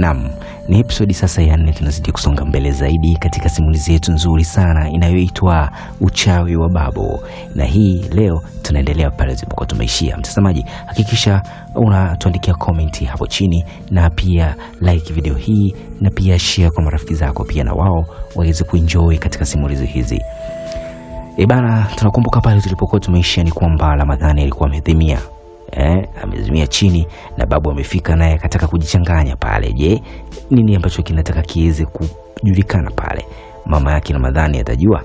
nam ni episodi sasa ya nne, tunazidi kusonga mbele zaidi katika simulizi yetu nzuri sana inayoitwa Uchawi wa Babu, na hii leo tunaendelea pale tulipokuwa tumeishia. Mtazamaji, hakikisha unatuandikia komenti hapo chini na pia like video hii na pia shia kwa marafiki zako, pia na wao waweze kuenjoy katika simulizi hizi. E bana, tunakumbuka pale tulipokuwa tumeishia ni kwamba Ramadhani alikuwa amedhimia eh, amezimia chini na babu amefika naye akataka kujichanganya pale. Je, nini ambacho kinataka kiweze kujulikana pale? Mama yake Ramadhani atajua.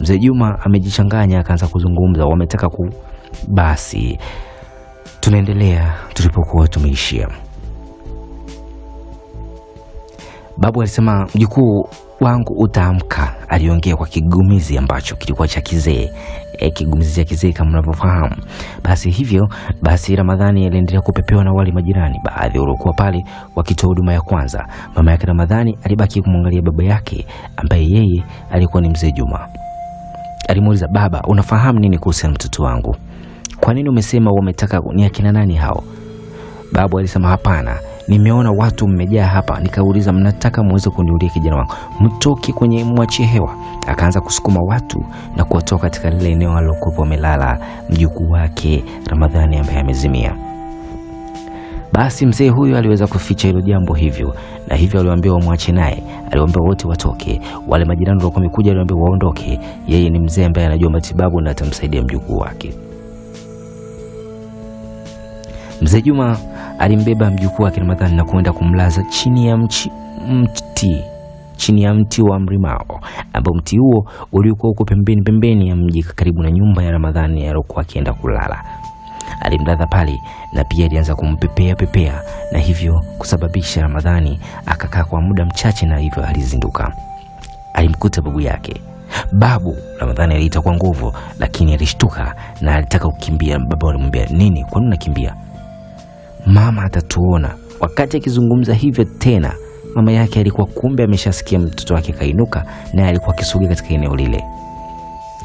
Mzee Juma amejichanganya akaanza kuzungumza, wametaka ku basi tunaendelea tulipokuwa tumeishia. Babu alisema mjukuu wangu utaamka, aliongea kwa kigumizi ambacho kilikuwa cha kizee e, kigumizi cha kizee kama mnavyofahamu. Basi hivyo basi, Ramadhani aliendelea kupepewa na wale majirani baadhi waliokuwa pale wakitoa huduma ya kwanza. Mama yake Ramadhani alibaki kumwangalia baba yake ambaye yeye alikuwa ni mzee Juma. Alimuuliza, baba, unafahamu nini kuhusu mtoto wangu? Kwa nini umesema wametaka? Ni akina nani hao? Babu alisema hapana nimeona watu mmejaa hapa, nikauliza mnataka muweze kuniulia kijana wangu, mtoke kwenye mwachie hewa. Akaanza kusukuma watu na kuwatoa katika lile eneo alilokuwepo amelala mjukuu wake Ramadhani ambaye amezimia. Basi mzee huyu aliweza kuficha hilo jambo hivyo, na hivyo aliwaambia wamwache naye, aliwaambia wote watoke. Wale majirani walikuwa wamekuja, aliwaambia waondoke, yeye ni mzee ambaye anajua matibabu na atamsaidia mjukuu wake mzee Juma alimbeba mjukuu wake Ramadhani na kuenda kumlaza chini ya mchi, mti chini ya mti wa mrimao ambao mti huo ulikuwa huko pembeni pembeni ya mji karibu na nyumba ya Ramadhani aliyokuwa akienda kulala. Alimlaza pale na pia alianza kumpepea pepea, na hivyo kusababisha Ramadhani akakaa kwa muda mchache, na hivyo alizinduka. Alimkuta babu yake. Babu, Ramadhani aliita kwa nguvu, lakini alishtuka na alitaka kukimbia. Baba alimwambia nini, kwa nini unakimbia? mama atatuona. Wakati akizungumza hivyo tena, mama yake alikuwa kumbe ameshasikia mtoto wake kainuka, naye alikuwa akisogea katika eneo lile.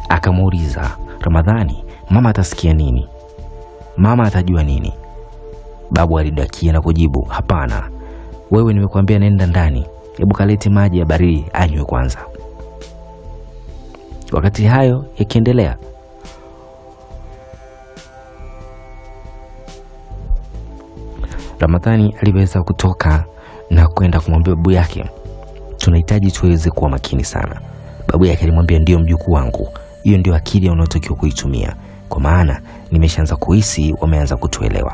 Akamuuliza Ramadhani, mama atasikia nini? Mama atajua nini? Babu alidakia na kujibu, hapana, wewe nimekuambia nenda ndani, hebu kalete maji ya baridi anywe kwanza. Wakati hayo yakiendelea Ramadhani aliweza kutoka na kwenda kumwambia babu yake, tunahitaji tuweze kuwa makini sana. Babu yake alimwambia, ndiyo mjukuu wangu, hiyo ndio akili unayotakiwa kuitumia, kwa maana nimeshaanza kuhisi wameanza kutuelewa.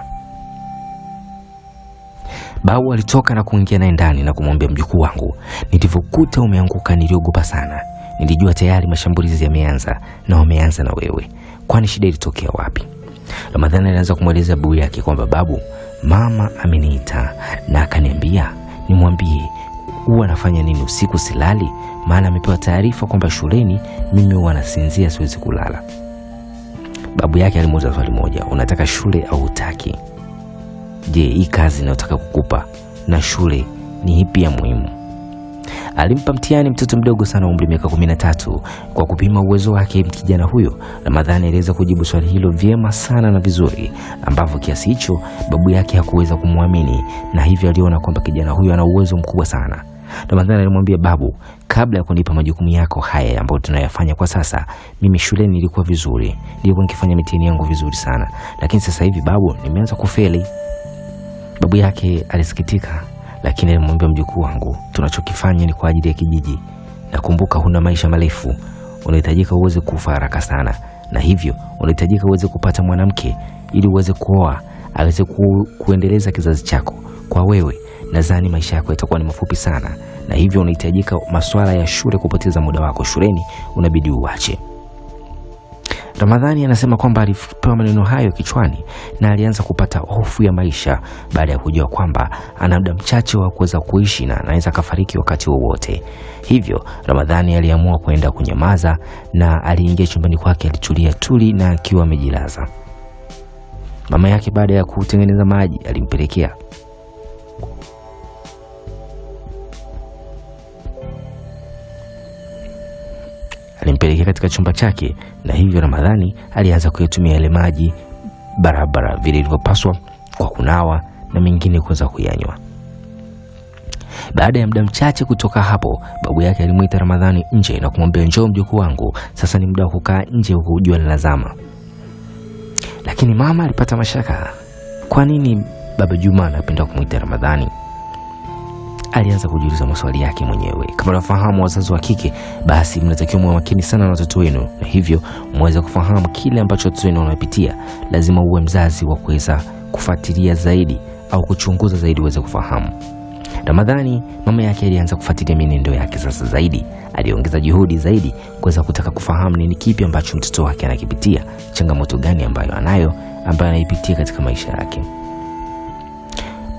Babu alitoka na kuingia naye ndani na kumwambia, mjukuu wangu, nilivyokuta umeanguka niliogopa sana. Nilijua tayari mashambulizi yameanza na wameanza na wewe, kwani shida ilitokea wapi? Ramadhani alianza kumweleza babu yake kwamba babu, mama ameniita na akaniambia nimwambie huwa anafanya nini usiku silali, maana amepewa taarifa kwamba shuleni mimi huwa nasinzia, siwezi kulala. Babu yake alimuuliza swali moja, unataka shule au hutaki? Je, hii kazi inayotaka kukupa na shule ni ipi ya muhimu? Alimpa mtihani mtoto mdogo sana umri miaka 13 kwa kupima uwezo wake kijana huyo. Ramadhani aliweza kujibu swali hilo vyema sana na vizuri, ambavyo kiasi hicho babu yake hakuweza kumwamini na hivyo aliona kwamba kijana huyo ana uwezo mkubwa sana. Ramadhani alimwambia babu, kabla ya kunipa majukumu yako haya ambayo tunayafanya kwa sasa, mimi shuleni nilikuwa vizuri, nilikuwa nikifanya mitihani yangu vizuri sana, lakini sasa hivi babu, nimeanza kufeli. Babu yake alisikitika lakini alimwambia mjukuu wangu, tunachokifanya ni kwa ajili ya kijiji, na kumbuka, huna maisha marefu, unahitajika uweze kufa haraka sana, na hivyo unahitajika uweze kupata mwanamke ili uweze kuoa aweze ku, kuendeleza kizazi chako. Kwa wewe nadhani maisha yako yatakuwa ni mafupi sana, na hivyo unahitajika masuala ya shule, kupoteza muda wako shuleni unabidi uache. Ramadhani anasema kwamba alipewa maneno hayo kichwani na alianza kupata hofu ya maisha baada ya kujua kwamba ana muda mchache wa kuweza kuishi na anaweza akafariki wakati wowote. Hivyo Ramadhani aliamua kuenda kunyamaza na aliingia chumbani kwake, alitulia tuli na akiwa amejilaza. Mama yake baada ya kutengeneza maji alimpelekea katika chumba chake, na hivyo Ramadhani alianza kuyatumia yale maji barabara vile ilivyopaswa kwa kunawa na mengine kuweza kuyanywa. Baada ya muda mchache kutoka hapo, babu yake alimwita Ramadhani nje na kumwambia, njoo mjukuu wangu, sasa ni muda wa kukaa nje huko ujua linazama. Lakini mama alipata mashaka, kwa nini baba Juma anapenda kumwita Ramadhani? alianza kujiuliza maswali yake mwenyewe. Kama unafahamu wazazi wa kike, basi mnatakiwa mwe makini sana na watoto wenu, na hivyo mweze kufahamu kile ambacho watoto wenu wanapitia. Lazima uwe mzazi wa kuweza kufuatilia zaidi au kuchunguza zaidi uweze kufahamu. Ramadhani mama yake alianza kufuatilia mienendo yake sasa zaidi. Aliongeza juhudi zaidi kuweza kutaka kufahamu nini kipi ambacho mtoto wake anakipitia, changamoto gani ambayo anayo, ambayo anaipitia katika maisha yake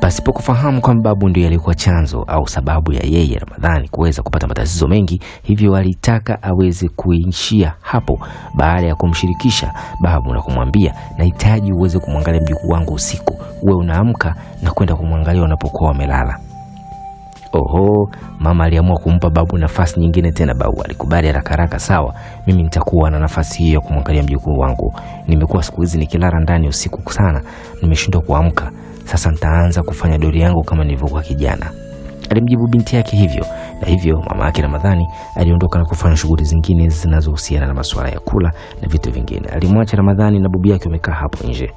pasipo kufahamu kwamba babu ndio alikuwa chanzo au sababu ya yeye Ramadhani kuweza kupata matatizo mengi, hivyo alitaka aweze kuishia hapo baada ya kumshirikisha babu na kumwambia, nahitaji uweze kumwangalia mjukuu wangu usiku, uwe unaamka na kwenda kumwangalia unapokuwa wamelala. Oho, mama aliamua kumpa babu nafasi nyingine tena. Babu alikubali haraka haraka, sawa, mimi nitakuwa na nafasi hiyo ya kumwangalia mjukuu wangu. Nimekuwa siku hizi nikilala ndani usiku sana, nimeshindwa kuamka. Sasa nitaanza kufanya dori yangu kama nilivyokuwa kijana, alimjibu binti yake hivyo. Na hivyo mama yake Ramadhani aliondoka na kufanya shughuli zingine zinazohusiana na masuala ya kula na vitu vingine. Alimwacha Ramadhani na babu yake wamekaa hapo nje.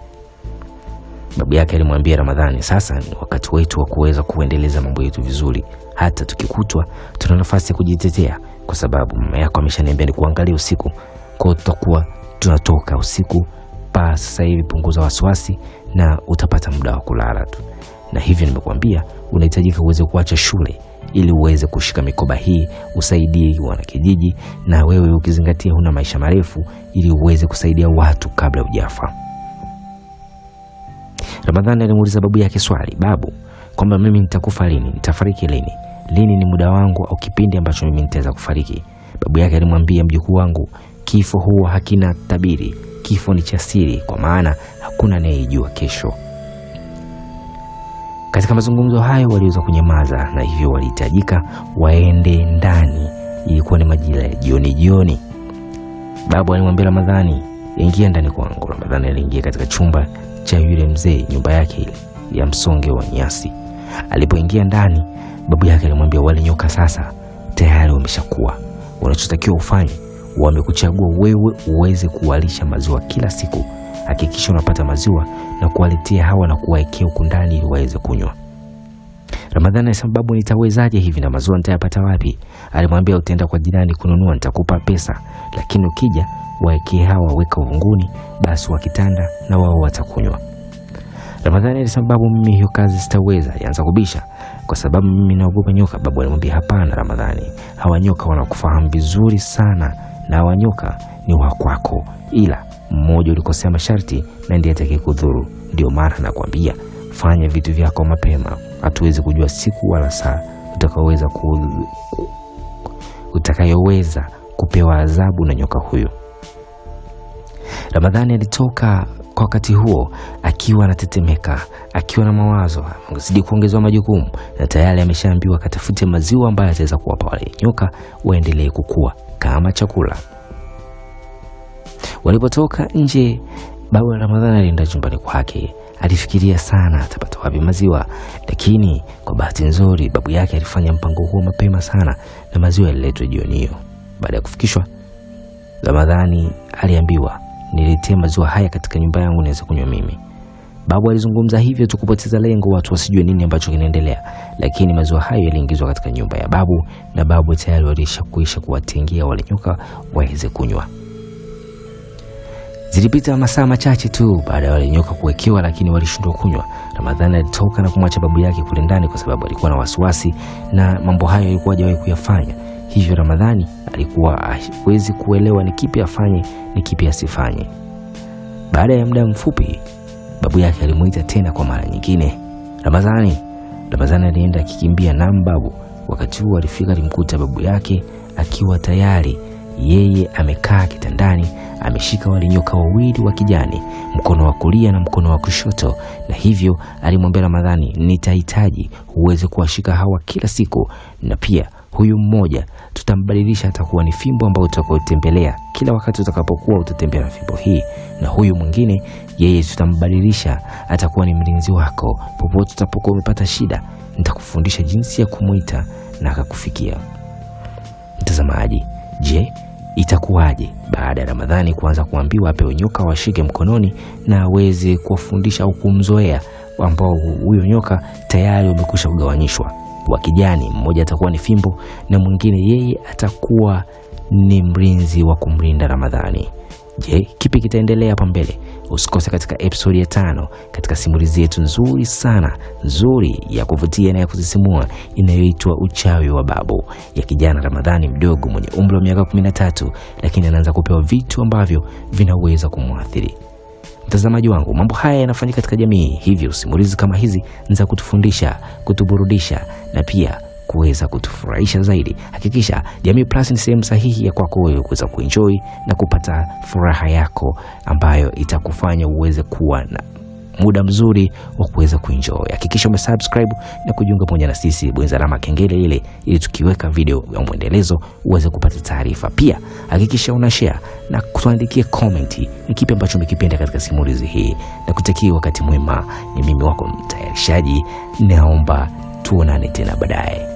Babu yake alimwambia Ramadhani, sasa ni wakati wetu wa kuweza kuendeleza mambo yetu vizuri. Hata tukikutwa tuna nafasi ya kujitetea, kwa sababu mama yako ameshaniambia ni kuangalia usiku kwao, tutakuwa tunatoka usiku paa sasa hivi, punguza wasiwasi na utapata muda wa kulala tu. Na hivyo nimekuambia, unahitajika uweze kuacha shule ili uweze kushika mikoba hii usaidie wanakijiji, na wewe ukizingatia huna maisha marefu, ili uweze kusaidia watu kabla hujafa. Ramadhani alimuuliza babu yake swali, babu, kwamba mimi nitakufa lini? Nitafariki lini? Lini ni muda wangu au kipindi ambacho mimi nitaweza kufariki? Babu yake alimwambia, mjukuu wangu, kifo huo hakina tabiri kifo ni cha siri, kwa maana hakuna anayejua kesho. Katika mazungumzo hayo waliweza kunyamaza, na hivyo walihitajika waende ndani. Ilikuwa ni majira ya jioni jioni. Babu alimwambia Ramadhani, ingia ndani kwangu. Ramadhani aliingia katika chumba cha yule mzee, nyumba yake ile ya msonge wa nyasi. Alipoingia ndani, babu yake alimwambia, wale nyoka sasa tayari wameshakuwa, unachotakiwa ufanye wamekuchagua wewe uweze kuwalisha maziwa kila siku. Hakikisha unapata maziwa na kuwaletea hawa na kuwaekea huku ndani waweze kunywa. Ramadhani alisema, babu, nitawezaje hivi na maziwa nitayapata wapi? Alimwambia, utaenda kwa jirani kununua, nitakupa pesa, lakini ukija waekee hawa, weka uvunguni, basi wakitanda na wao watakunywa. Ramadhani alisema, babu, mimi hiyo kazi sitaweza, yanza kubisha kwa sababu mimi naogopa nyoka. Babu alimwambia, hapana Ramadhani, hawa nyoka wanakufahamu vizuri sana na wanyoka ni wa kwako, ila mmoja ulikosea masharti na ndiye atakayekudhuru. kudhuru. Ndio maana nakwambia fanya vitu vyako mapema. Hatuwezi kujua siku wala saa utakayoweza ku... utakayoweza kupewa adhabu na nyoka huyo. Ramadhani alitoka kwa wakati huo akiwa anatetemeka, akiwa na mawazo, zidi kuongezewa majukumu na tayari ameshaambiwa katafute maziwa ambayo ataweza kuwapa wale nyoka waendelee kukua kama chakula. Walipotoka nje, babu Ramadhani alienda chumbani kwake. Alifikiria sana atapata wapi maziwa, lakini kwa bahati nzuri babu yake alifanya mpango huo mapema sana na maziwa yaliletwa jioni hiyo. Baada ya kufikishwa, Ramadhani aliambiwa, nililetea maziwa haya katika nyumba yangu, niweze kunywa mimi. Babu alizungumza hivyo tu kupoteza lengo, watu wasijue nini ambacho kinaendelea, lakini maziwa hayo yaliingizwa katika nyumba ya babu na babu tayari walishakuisha kuwatengia wale nyoka waweze kunywa. Zilipita masaa machache tu baada ya wale nyoka kuwekewa, lakini walishindwa kunywa. Ramadhani alitoka na kumwacha babu yake kule ndani kwa sababu alikuwa na wasiwasi na mambo hayo alikuwa hajawahi kuyafanya. Hivyo Ramadhani alikuwa hawezi kuelewa ni kipi afanye, ni kipi asifanye. Baada ya muda mfupi Babu yake alimuita tena kwa mara nyingine, Ramazani. Ramazani alienda akikimbia na mbabu. Wakati huo alifika, alimkuta babu yake akiwa tayari yeye amekaa kitandani, ameshika walinyoka nyoka wawili wa kijani, mkono wa kulia na mkono wa kushoto, na hivyo alimwambia Ramadhani, nitahitaji uweze kuwashika hawa kila siku, na pia huyu mmoja tutambadilisha, atakuwa ni fimbo ambayo utakaotembelea kila wakati utakapokuwa utatembea na fimbo hii na huyu mwingine yeye tutambadilisha, atakuwa ni mlinzi wako popote utapokuwa umepata shida. Nitakufundisha jinsi ya kumwita na akakufikia. Mtazamaji, je, itakuwaje baada ya Ramadhani kuanza kuambiwa apewe nyoka washike mkononi na aweze kuwafundisha au kumzoea, ambao huyo nyoka tayari umekwisha kugawanyishwa wa kijani? Mmoja atakuwa ni fimbo na mwingine yeye atakuwa ni mlinzi wa kumlinda Ramadhani. Je, kipi kitaendelea hapa mbele? Usikose katika episodi ya tano katika simulizi yetu nzuri sana nzuri ya kuvutia na ya kusisimua inayoitwa Uchawi wa Babu, ya kijana Ramadhani mdogo mwenye umri wa miaka 13 lakini anaanza kupewa vitu ambavyo vinaweza kumwathiri. Mtazamaji wangu, mambo haya yanafanyika katika jamii, hivyo simulizi kama hizi ni za kutufundisha, kutuburudisha na pia kuweza kutufurahisha zaidi. Hakikisha Jamii Plus ni sehemu sahihi ya kwako wewe kuweza kuenjoy na kupata furaha yako ambayo itakufanya uweze kuwa na muda mzuri wa kuweza kuenjoy. Hakikisha umesubscribe na kujiunga pamoja na sisi, bwenza alama kengele ile ili tukiweka video ya mwendelezo uweze kupata taarifa. Pia hakikisha una share na kutuandikia comment ni kipi ambacho umekipenda katika simulizi hii, na kutakia wakati mwema. Ni mimi wako mtayarishaji, naomba tuonane tena baadaye.